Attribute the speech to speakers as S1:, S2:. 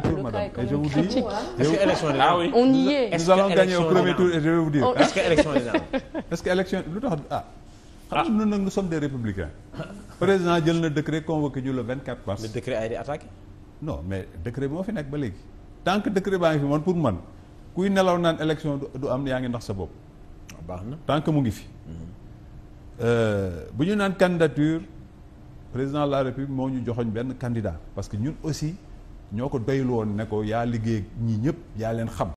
S1: premier tour, madame. Et je Est-ce que élection dina am est. ce que élection lu tax ah. xam nga nag nous sommes des républicains. président jël na décret convoqué ñu le 24 mars. le décret a été attaqué. non mais décret moo fi nekk ba léegi. tant que décret baa ngi fi man pour man kuy nelaw naan élection du am yaa ngi ndax sa bopp. Ah, baax na tant que mu ngi fi. Mhm. Euh, bu ñu naan candidature président de la république moo ñu joxoñ benn candidat parce que ñun aussi. ñoo ko woon ne ko yaa liggéey ñii ñëpp yaa leen xam